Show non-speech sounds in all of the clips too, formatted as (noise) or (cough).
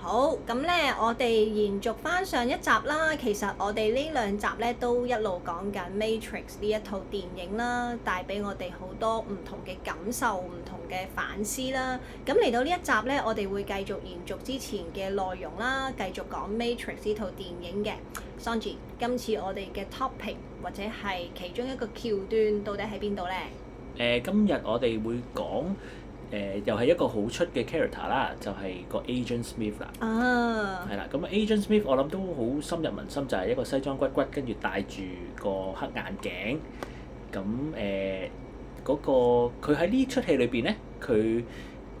好，咁咧，我哋延續翻上,上一集啦。其實我哋呢兩集咧都一路講緊《Matrix》呢一套電影啦，帶俾我哋好多唔同嘅感受、唔同嘅反思啦。咁嚟到呢一集咧，我哋會繼續延續之前嘅內容啦，繼續講《Matrix》呢套電影嘅。Songi，今次我哋嘅 topic 或者係其中一個橋段，到底喺邊度咧？誒，今日我哋會講。誒、呃、又係一個好出嘅 character 啦，就係、是、個 Agent Smith 啦。啊！係啦，咁 Agent Smith 我諗都好深入民心，就係、是、一個西裝骨骨，跟住戴住個黑眼鏡。咁誒嗰個佢喺呢出戲裏邊咧，佢誒、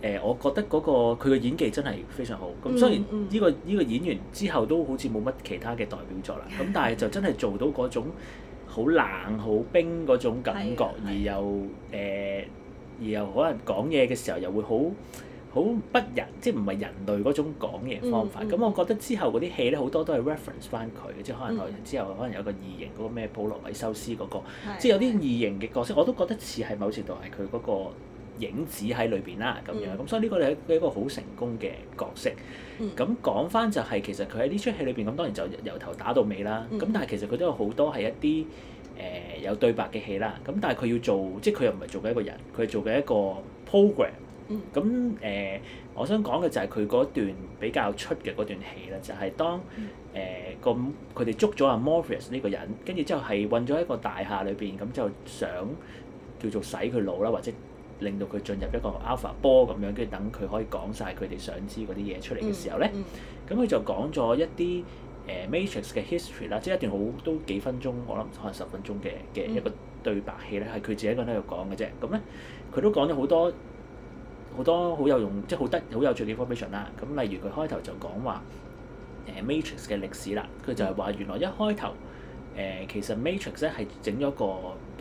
呃、我覺得嗰、那個佢嘅演技真係非常好。咁、嗯嗯、雖然呢、這個呢、這個演員之後都好似冇乜其他嘅代表作啦，咁、嗯嗯、 (laughs) 但係就真係做到嗰種好冷好冰嗰種感覺，而又誒。呃嗯而又可能講嘢嘅時候又會好好不人，即係唔係人類嗰種講嘢方法。咁、嗯嗯、我覺得之後嗰啲戲咧好多都係 reference 翻佢嘅，即係可能後來之後可能有個異形嗰、嗰個咩？普羅米修斯嗰、嗰個，嗯、即係有啲異形嘅角色，嗯、我都覺得似係某程度係佢嗰個影子喺裏邊啦咁樣。咁、嗯嗯、所以呢個係一個好成功嘅角色。咁、嗯嗯、講翻就係、係、其實佢喺呢出戲裏邊咁，當然就由頭打到尾啦。咁但係其實佢都有好多係一啲。誒、嗯嗯嗯、有對白嘅戲啦，咁但係佢要做，即係佢又唔係做緊一個人，佢係做緊一個 program、嗯嗯。咁、呃、誒，我想講嘅就係佢嗰段比較出嘅嗰段戲啦，就係、是、當誒個佢哋捉咗阿 Morpheus 呢個人，跟住之後係困咗一個大廈裏邊，咁就想叫做洗佢腦啦，或者令到佢進入一個 alpha 波咁樣，跟住等佢可以講晒佢哋想知嗰啲嘢出嚟嘅時候咧，咁佢、嗯嗯嗯、就講咗一啲。誒、uh, Matrix 嘅 history 啦，即係一段好都幾分鐘，我諗可能十分鐘嘅嘅一個對白戲咧，係佢自己一個人喺度講嘅啫。咁咧，佢都講咗好多好多好有用，即係好得好有趣嘅 information 啦、啊。咁例如佢開頭就講話誒、呃、Matrix 嘅歷史啦，佢、啊、就係話原來一開頭誒、呃、其實 Matrix 咧係整咗個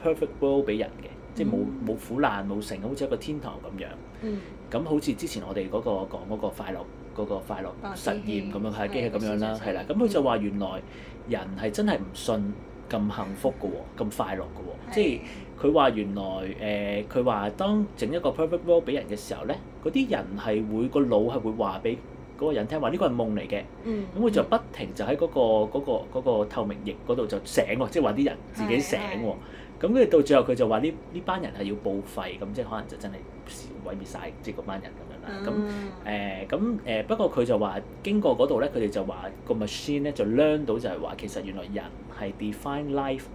perfect world 俾人嘅，嗯、即係冇冇苦難、冇成，好似一個天堂咁樣。嗯。咁好似之前我哋嗰、那個講嗰個快樂。嗰個快樂實驗咁樣係，機器咁樣啦，係、嗯、啦。咁、嗯、佢就話原來人係真係唔信咁幸福嘅喎，咁快樂嘅喎。即係佢話原來誒，佢、呃、話當整一個 perfect world 俾人嘅時候咧，嗰啲人係會、嗰個腦係會話俾嗰個人聽話，呢個係夢嚟嘅。咁、嗯、佢就不停就喺嗰、那個嗰、那個那個那個、透明液嗰度就醒喎、啊，即係話啲人自己醒喎。咁佢到最後佢就話呢呢班人係要報廢，咁即係可能就真係毀滅晒，即係嗰班人咁樣啦。咁誒咁誒不過佢就話經過嗰度咧，佢哋就話個 machine 咧就 learn 到就係話其實原來人係 define life，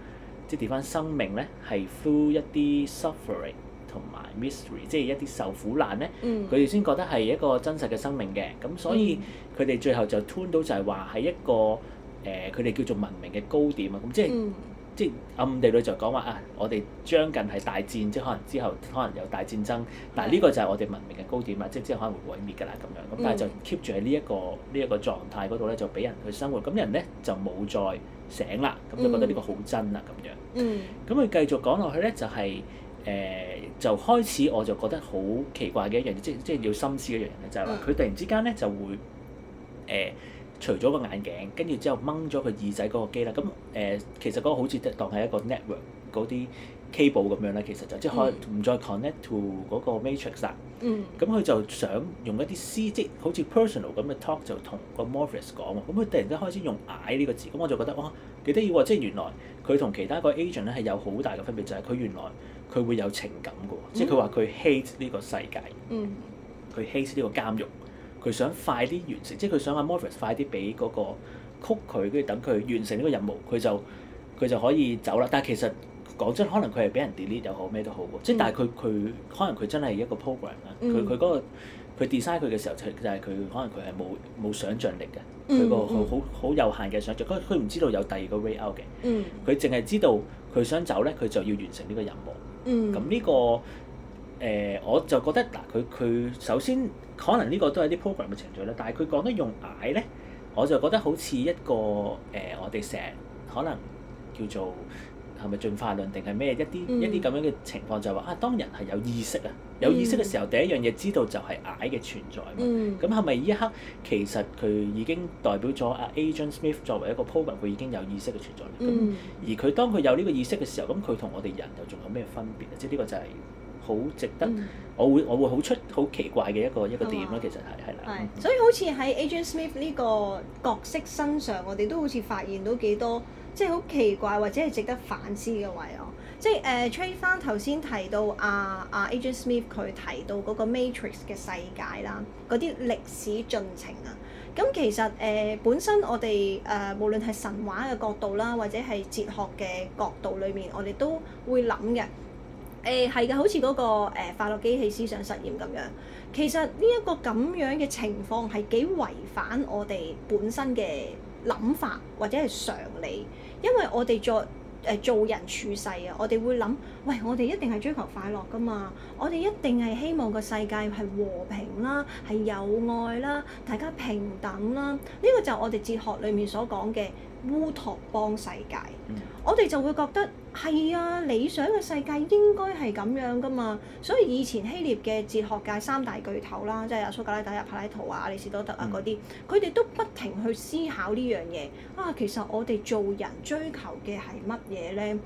即係 define 生命咧係 through 一啲 suffering 同埋 mystery，即係一啲受苦難咧，佢哋先覺得係一個真實嘅生命嘅。咁所以佢哋、mm. 最後就 turn 到就係話係一個誒佢哋叫做文明嘅高點啊，咁即係。Mm. 即暗地裏就講話啊，我哋將近係大戰，即係可能之後可能有大戰爭，但係呢個就係我哋文明嘅高點啦，即係之後可能會毀滅㗎啦咁樣。咁但係就 keep 住喺呢一個呢一個狀態嗰度咧，就俾人去生活。咁人咧就冇再醒啦，咁就覺得呢個好真啦咁樣，嗯。嗯。咁佢繼續講落去咧，就係、是、誒、呃、就開始我就覺得好奇怪嘅一樣嘢，即即係要深思嘅一樣嘢，就係話佢突然之間咧就會誒。呃除咗個眼鏡，跟住之後掹咗佢耳仔嗰個機啦。咁誒、呃，其實嗰個好似即係當係一個 network 嗰啲 cable 咁樣啦。其實就即係可能唔再 connect to 嗰個 matrix 啦。咁佢、嗯、就想用一啲 C，即係好似 personal 咁嘅 talk 就同個 Morpheus 講。咁佢突然間開始用 I 呢個字，咁我就覺得哇幾得意喎！即係原來佢同其他個 agent 咧係有好大嘅分別，就係、是、佢原來佢會有情感嘅，嗯、即係佢話佢 hate 呢個世界，佢 hate 呢個監獄。佢想快啲完成，即係佢想阿 Morpheus 快啲俾嗰個曲佢，跟住等佢完成呢個任務，佢就佢就可以走啦。但係其實講真，可能佢係俾人 delete 又好咩都好喎。即係但係佢佢可能佢真係一個 program 啦。佢佢、嗰、嗰、個、佢 design 佢嘅時候，就就係佢可能佢係冇冇想像力嘅。佢、嗯嗰個好好好有限嘅想像，佢唔知道有第二個 way out 嘅。佢淨係知道佢想走咧，佢就要完成呢個任務。咁呢、嗯呢個。誒、呃、我就覺得嗱，佢、啊、佢首先可能呢個都係啲 program 嘅程序啦。但係佢講得用蟻咧，我就覺得好似一個誒、呃，我哋成日可能叫做係咪進化論定係咩一啲、嗯、一啲咁樣嘅情況，就係、是、話啊，當人係有意識啊，有意識嘅時候，嗯、第一樣嘢知道就係蟻嘅存在。咁係咪呢一刻其實佢已經代表咗阿 Agent Smith 作為一個 program，佢已經有意識嘅存在咁、嗯、而佢當佢有呢個意識嘅時候，咁佢同我哋人又仲有咩分別啊？即係呢、這個就係、是。好值得，嗯、我會我會好出好奇怪嘅一個一個點咯，嗯、其實係係啦。所以好似喺 Agent Smith 呢個角色身上，我哋都好似發現到幾多，即係好奇怪或者係值得反思嘅位哦、啊。即係誒，追翻頭先提到阿阿、啊啊、Agent Smith 佢提到嗰個 Matrix 嘅世界啦，嗰啲歷史進程啊。咁其實誒、呃、本身我哋誒、呃、無論係神話嘅角度啦，或者係哲學嘅角度裏面，我哋都會諗嘅。.誒係嘅，好似嗰、那個誒快樂機器思想實驗咁樣。呃 hat. 其實呢一個咁樣嘅情況係幾違反我哋本身嘅諗法或者係常理，因為我哋作誒做人處世啊，我哋會諗，喂，我哋一定係追求快樂噶嘛，我哋一定係希望個世界係和平啦，係有愛啦，大家平等啦。呢個就係我哋哲學裏面所講嘅烏托邦世界。Mm. 我哋就會覺得係啊，理想嘅世界應該係咁樣㗎嘛，所以以前希臘嘅哲學界三大巨頭啦，即係阿蘇格拉底、阿柏拉圖啊、阿里士多德啊嗰啲，佢哋都不停去思考呢樣嘢。啊，其實我哋做人追求嘅係乜嘢呢？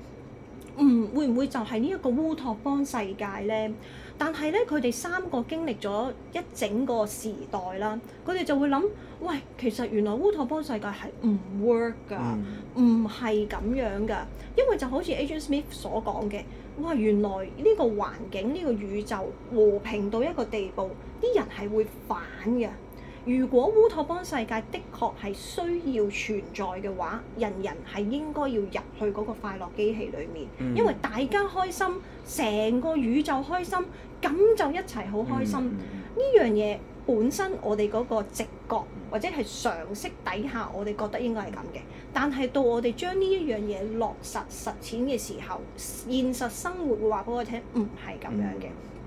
嗯，會唔會就係呢一個烏托邦世界呢？但係呢，佢哋三個經歷咗一整個時代啦，佢哋就會諗，喂，其實原來烏托邦世界係唔 work 㗎，唔係咁樣㗎。因為就好似 Agent Smith 所講嘅，哇，原來呢個環境、呢、呢個宇宙和平到一個地步，啲人係會反㗎。如果烏托邦世界的確係需要存在嘅話，人人係應該要入去嗰個快樂機器裡面，嗯、因為大家開心，成個宇宙開心，咁就一齊好開心。呢樣嘢本身我哋嗰個直覺或者係常識底下，我哋覺得應該係咁嘅。但係到我哋將呢一樣嘢落實實踐嘅時候，現實生活會話俾我聽唔係咁樣嘅。嗯嗯。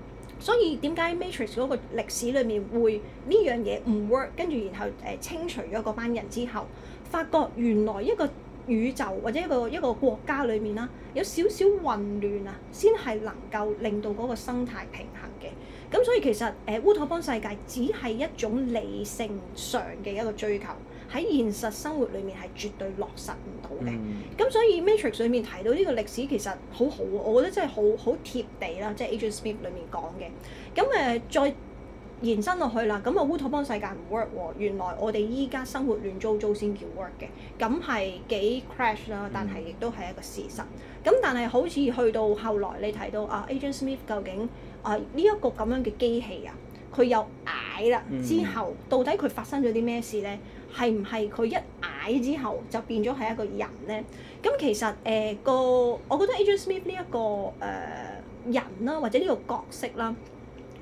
所以點解 Matrix 嗰個歷史裏面會呢樣嘢唔 work？跟住然後誒清除咗嗰班人之後，發覺原來一個宇宙或者一個一個國家裏面啦，有少少混亂啊，先係能夠令到嗰個生態平衡嘅。咁所以其實誒、呃、烏托邦世界只係一種理性上嘅一個追求。喺現實生活裏面係絕對落實唔到嘅，咁、嗯、所以《Matrix》裏面提到呢個歷史其實好好，我覺得真係好好貼地啦，即、就、係、是、Agent Smith 裡面講嘅。咁誒、呃、再延伸落去啦，咁啊烏托邦世界唔 work 喎，原來我哋依家生活亂糟糟先叫 work 嘅，咁係幾 crash 啦，但係亦都係一個事實。咁、嗯、但係好似去到後來你到，你提到啊 Agent Smith 究竟啊呢一、這個咁樣嘅機器啊，佢又矮啦，嗯、之後到底佢發生咗啲咩事咧？係唔係佢一矮之後就變咗係一個人咧？咁其實誒、呃嗰個，我覺得 Agent Smith 呢、這、一個誒、呃、人啦、啊，或者呢個角色啦，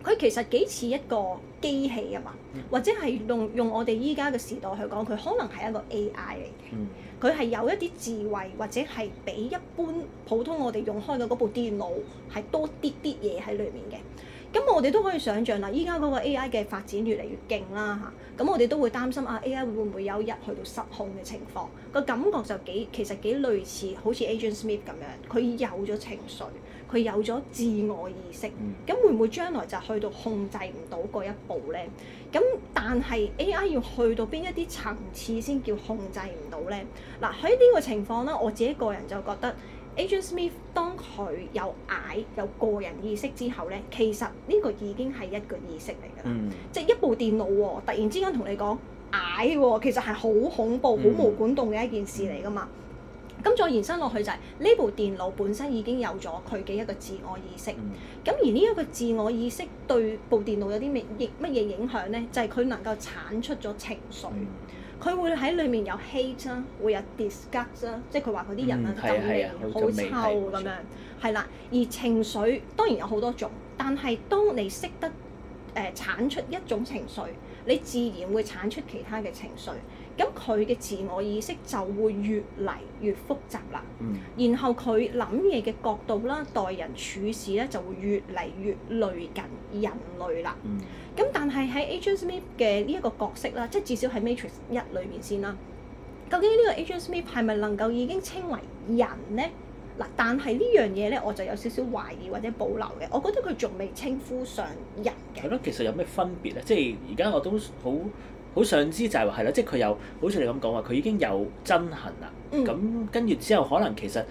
佢其實幾似一個機器啊嘛，或者係用用我哋依家嘅時代去講，佢可能係一個 AI 嚟嘅，佢係、嗯、有一啲智慧或者係比一般普通我哋用開嘅嗰部電腦係多啲啲嘢喺裡面嘅。咁我哋都可以想像啦，依家嗰個 AI 嘅發展越嚟越勁啦嚇，咁、啊、我哋都會擔心啊，啊 AI 會唔會有一日去到失控嘅情況？個感覺就幾其實幾類似好似 Agent Smith 咁樣，佢有咗情緒，佢有咗自我意識，咁、嗯、會唔會將來就去到控制唔到嗰一步咧？咁但係 AI 要去到邊一啲層次先叫控制唔到咧？嗱喺呢個情況啦，我自己個人就覺得。Agent Smith 當佢有嗌有個人意識之後咧，其實呢個已經係一個意識嚟㗎啦。嗯、即係一部電腦喎、哦，突然之間同你講嗌喎，其實係好恐怖、好毛管棟嘅一件事嚟㗎嘛。咁、嗯嗯、再延伸落去就係、是、呢部電腦本身已經有咗佢嘅一個自我意識。咁、嗯、而呢一個自我意識對部電腦有啲咩乜嘢影響咧？就係、是、佢能夠產出咗情緒。嗯佢會喺裡面有 hate 啦，會有 disgust 啦，即係佢話嗰啲人啊，好味，好臭咁樣，係啦。而情緒當然有好多種，但係當你識得誒產、呃、出一種情緒，你自然會產出其他嘅情緒。咁佢嘅自我意識就會越嚟越複雜啦，嗯、然後佢諗嘢嘅角度啦、待人處事咧就會越嚟越類近人類啦。咁、嗯、但係喺 Agent Smith 嘅呢一個角色啦，即係至少喺 Matrix 一裏面先啦。究竟呢個 Agent Smith 係咪能夠已經稱為人呢？嗱，但係呢樣嘢咧我就有少少懷疑或者保留嘅。我覺得佢仲未稱呼上人嘅。係咯，其實有咩分別咧？即係而家我都好。好想知就係話係啦，即係佢有好似你咁講話，佢已經有憎恨啦。咁跟住之後，可能其實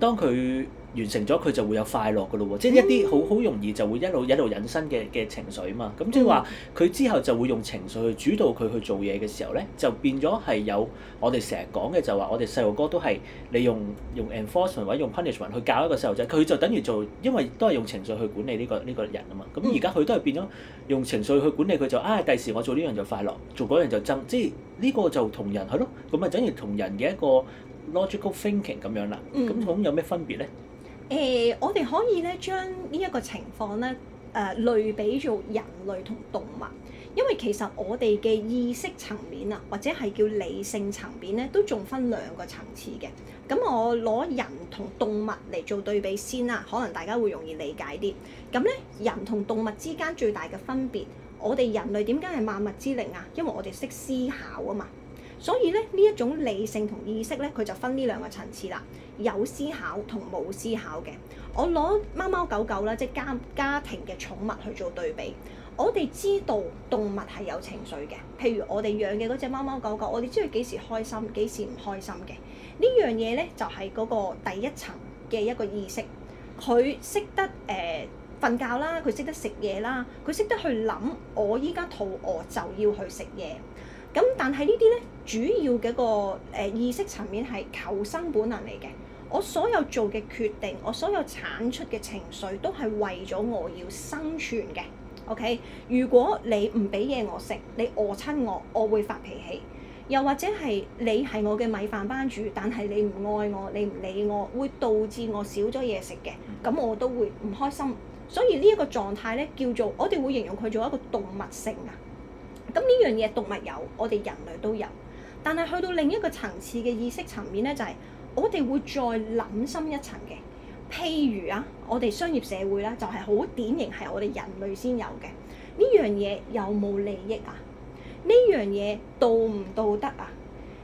當佢，完成咗佢就會有快樂㗎咯喎，即係一啲好好容易就會一路一路引申嘅嘅情緒嘛。咁即係話佢之後就會用情緒去主導佢去做嘢嘅時候咧，就變咗係有我哋成日講嘅就話我哋細路哥都係，你用用 enforcement 或者用 punishment 去教一個細路仔，佢就等於做，因為都係用情緒去管理呢個呢個人啊嘛。咁而家佢都係變咗用情緒去管理佢，就啊，第時我做呢樣就快樂，做嗰樣就憎，即係呢個就同人係咯，咁啊等於同人嘅一個 logical thinking 咁樣啦。嗯。咁有咩分別咧？誒、欸，我哋可以咧將呢一個情況咧，誒、呃、類比做人類同動物，因為其實我哋嘅意識層面啊，或者係叫理性層面咧，都仲分兩個層次嘅。咁、嗯、我攞人同動物嚟做對比先啦，可能大家會容易理解啲。咁、嗯、咧，人同動物之間最大嘅分別，我哋人類點解係萬物之靈啊？因為我哋識思考啊嘛。所以咧，呢一種理性同意識咧，佢就分呢兩個層次啦。有思考同冇思考嘅。我攞貓貓狗狗啦，即係家家庭嘅寵物去做對比。我哋知道動物係有情緒嘅，譬如我哋養嘅嗰隻貓貓狗狗，我哋知道幾時開心，幾時唔開心嘅。呢樣嘢咧就係嗰個第一層嘅一個意識。佢識得誒瞓覺啦，佢識得食嘢啦，佢識得去諗，我依家肚餓就要去食嘢。咁但係呢啲咧，主要嘅一個、呃、意識層面係求生本能嚟嘅。我所有做嘅決定，我所有產出嘅情緒，都係為咗我要生存嘅。OK，如果你唔俾嘢我食，你餓親我，我會發脾氣。又或者係你係我嘅米飯班主，但係你唔愛我，你唔理我，會導致我少咗嘢食嘅，咁我都會唔開心。所以呢一個狀態咧，叫做我哋會形容佢做一個動物性啊。咁呢樣嘢動物有，我哋人類都有。但係去到另一個層次嘅意識層面咧，就係、是、我哋會再諗深一層嘅。譬如啊，我哋商業社會咧，就係好典型係我哋人類先有嘅。呢樣嘢有冇利益啊？呢樣嘢道唔道德啊？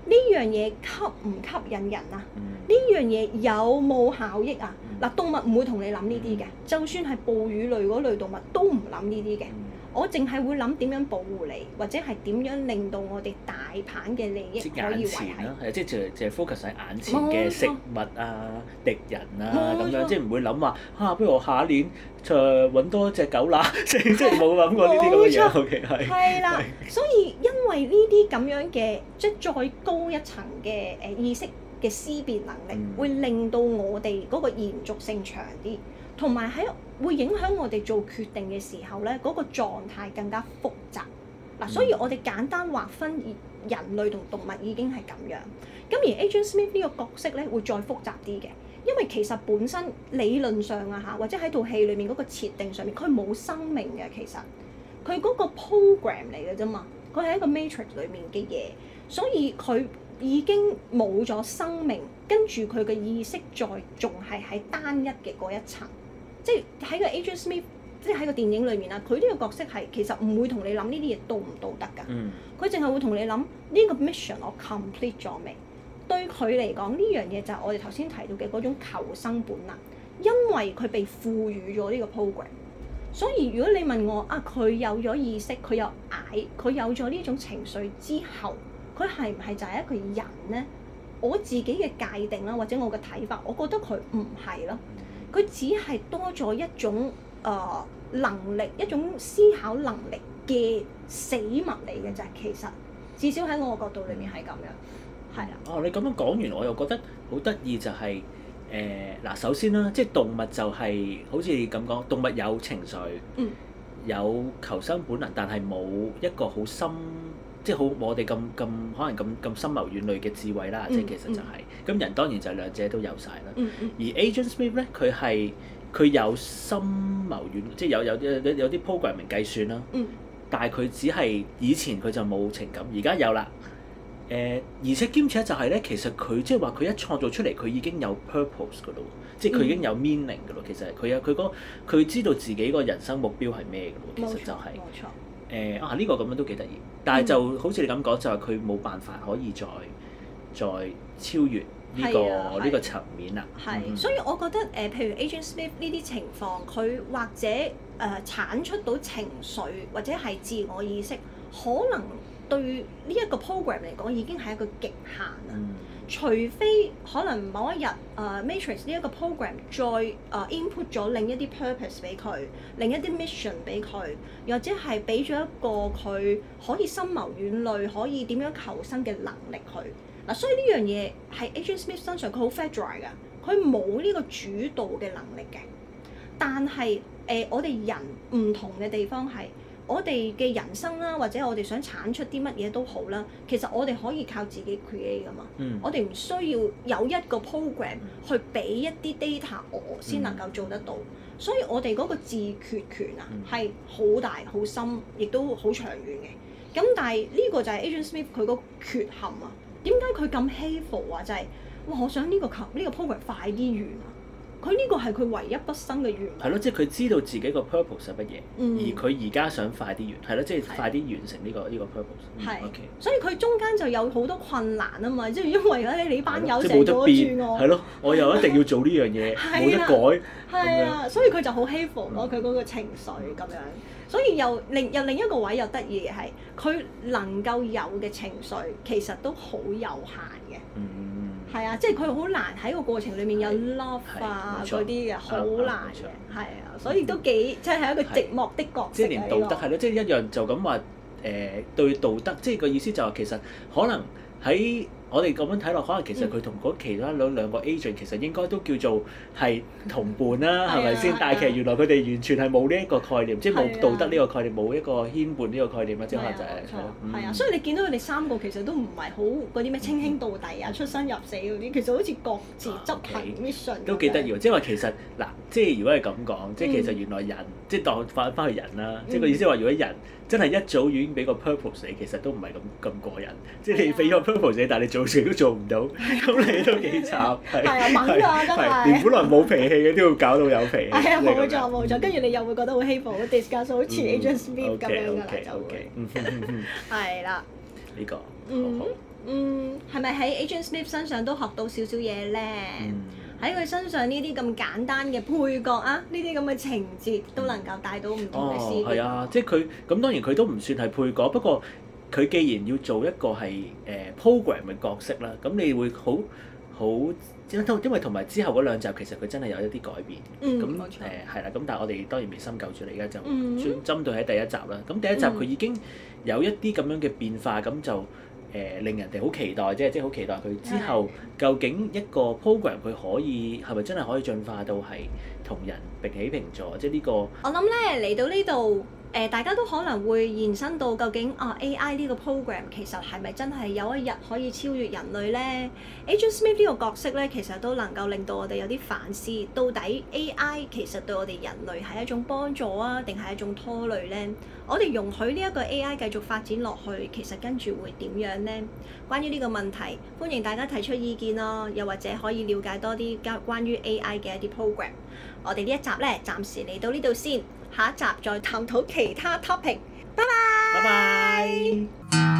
呢樣嘢吸唔吸引人啊？呢、嗯、樣嘢有冇效益啊？嗱、嗯，動物唔會同你諗呢啲嘅，嗯、就算係哺乳類嗰類動物都唔諗呢啲嘅。我淨係會諗點樣保護你，或者係點樣令到我哋大盤嘅利益可以維係。眼前啦、啊，係即係淨係 focus 喺眼前嘅食物啊、錯敵人啊咁錯樣，即係唔會諗話啊，不如我下一年就揾多隻狗乸， (laughs) 即即係冇諗過呢啲咁嘅嘢。O.K. 係啦錯，所以因為呢啲咁樣嘅，即係再高一層嘅誒、呃、意識嘅思辨能力，嗯、會令到我哋嗰個延續性長啲。同埋喺會影響我哋做決定嘅時候咧，嗰個狀態更加複雜。嗱，所以我哋簡單劃分人類同動物已經係咁樣。咁而 Agent Smith 呢個角色咧會再複雜啲嘅，因為其實本身理論上啊嚇，或者喺套戲裡面嗰個設定上面，佢冇生命嘅其實，佢嗰個 program 嚟嘅啫嘛，佢係一個 Matrix 裡面嘅嘢，所以佢已經冇咗生命，跟住佢嘅意識再仲係喺單一嘅嗰一層。即係喺個 Agent Smith，即係喺個電影裏面啊，佢呢個角色係其實唔會同你諗呢啲嘢道唔道德㗎。佢淨係會同你諗呢個 mission 我 complete 咗未？對佢嚟講呢樣嘢就係我哋頭先提到嘅嗰種求生本能，因為佢被賦予咗呢個 program。所以如果你問我啊，佢有咗意識，佢又矮，佢有咗呢種情緒之後，佢係唔係就係一個人咧？我自己嘅界定啦、啊，或者我嘅睇法，我覺得佢唔係咯。佢只係多咗一種誒、呃、能力，一種思考能力嘅死物嚟嘅啫。其實至少喺我角度裏面係咁樣，係啦。哦、啊，你咁樣講完，我又覺得好得意就係誒嗱，首先啦、啊，即係動物就係、是、好似咁講，動物有情緒，嗯、有求生本能，但係冇一個好深。即係好，我哋咁咁可能咁咁深謀遠慮嘅智慧啦，即係其實就係、是、咁、嗯嗯、人當然就兩者都有晒啦。嗯嗯、而 Agent Smith 咧，佢係佢有深謀遠，即係有有有有啲 programming 計算啦。嗯、但係佢只係以前佢就冇情感，而家有啦。誒、呃，而且兼且就係、是、咧，其實佢即係話佢一創造出嚟，佢已經有 purpose 噶咯，即係佢已經有 meaning 噶咯。嗯嗯、其實佢有佢嗰佢知道自己個人生目標係咩㗎喎，其實就係、是。冇錯。誒、呃、啊！呢、這個咁樣都幾得意，但係就好似你咁講，就係佢冇辦法可以再再超越呢、這個呢、啊、個層面啦。係、啊，嗯、所以我覺得誒、呃，譬如 Agent Smith 呢啲情況，佢或者誒、呃、產出到情緒或者係自我意識，可能對呢一個 program 嚟講已經係一個極限啦。嗯除非可能某一日，誒、呃、Matrix 呢一個 program 再誒、呃、input 咗另一啲 purpose 俾佢，另一啲 mission 俾佢，或者係俾咗一個佢可以深謀遠慮，可以點樣求生嘅能力佢。嗱、呃，所以呢樣嘢喺 Agent Smith 身上，佢好 fat dry 㗎，佢冇呢個主導嘅能力嘅。但係誒、呃，我哋人唔同嘅地方係。我哋嘅人生啦，或者我哋想產出啲乜嘢都好啦，其實我哋可以靠自己 create 噶嘛。嗯、我哋唔需要有一個 program 去俾一啲 data 我先能夠做得到。嗯、所以我哋嗰個自決權啊，係好大好深，亦都好長遠嘅。咁但係呢個就係 Agent Smith 佢個缺陷啊。點解佢咁 hateful 啊？就係、是、哇，我想呢個 p r o 呢個 program 快啲完。啊。」佢呢個係佢唯一畢生嘅願望。係咯，即係佢知道自己個 purpose 係乜嘢，嗯、而佢而家想快啲完，係咯，即、就、係、是、快啲完成呢個呢個 purpose。係的，嗯 okay、所以佢中間就有好多困難啊嘛，即係因為咧你班友成阻住我，係咯，我又一定要做呢樣嘢，冇 (laughs) 的得改，係樣啊，所以佢就好欺負咯，佢嗰個情緒咁樣。所以又另又另一個位又得意嘅係，佢能夠有嘅情緒其實都好有限嘅。嗯嗯。係啊，即係佢好難喺個過程裡面有 love 啊嗰啲嘅，好難嘅，係啊，啊，啊。所以都幾即係一個寂寞的角色，啊，即係連道德係咯，這個啊，即係一樣就咁話誒對道德，即係個意思就係其實可能喺。我哋咁樣睇落，可能其實佢同其他兩兩個 agent 其實應該都叫做係同伴啦，係咪先？但係其實原來佢哋完全係冇呢一個概念，即係冇道德呢個概念，冇一個牽絆呢個概念啊！即係就係錯，係啊，所以你見到佢哋三個其實都唔係好嗰啲咩親兄弟啊、出生入死嗰啲，其實好似各自執行 mission，都幾得意喎！即係話其實嗱，即係如果係咁講，即係其實原來人即係當翻翻去人啦，即係個意思話，如果人真係一早已經俾個 purpose 你，其實都唔係咁咁過癮。即係你俾咗 purpose 你，但係你做嘢都做唔到，咁你都幾慘。係啊，猛啊，真係。連本來冇脾氣嘅都要搞到有脾氣。係啊，冇錯冇錯。跟住你又會覺得好希薄 disgust 好似 Agent Smith 咁樣嘅啦。O K O K O K，嗯哼，係啦。呢個嗯嗯，係咪喺 Agent Smith 身上都學到少少嘢咧？喺佢身上呢啲咁簡單嘅配角啊，呢啲咁嘅情節都能夠帶到唔同嘅視野。係啊，即係佢咁當然佢都唔算係配角，不過。佢既然要做一個係誒、呃、program 嘅角色啦，咁你會好好，因為同埋之後嗰兩集其實佢真係有一啲改變，咁誒係啦。咁那錯、呃、但係我哋當然未深究住，你而家就專針對喺第一集啦。咁第一集佢已經有一啲咁樣嘅變化，咁就誒、呃、令人哋好期待啫，即係好期待佢之後、嗯、究竟一個 program 佢可以係咪真係可以進化到係同人平起平坐，即係、這、呢個？我諗咧嚟到呢度。呃、大家都可能會延伸到究竟，哦，啊，AI 呢個 program，其實係咪真係有一日可以超越人類呢？Agent Smith 呢個角色咧，其實都能夠令到我哋有啲反思，到底 AI 其實對我哋人類係一種幫助啊，定係一種拖累呢？我哋容許呢一個 AI 繼續發展落去，其實跟住會點樣呢？關於呢個問題，歡迎大家提出意見咯，又或者可以了解多啲關關於 AI 嘅一啲 program。我哋呢一集咧，暫時嚟到呢度先。下一集再探討其他 topic，拜拜拜拜。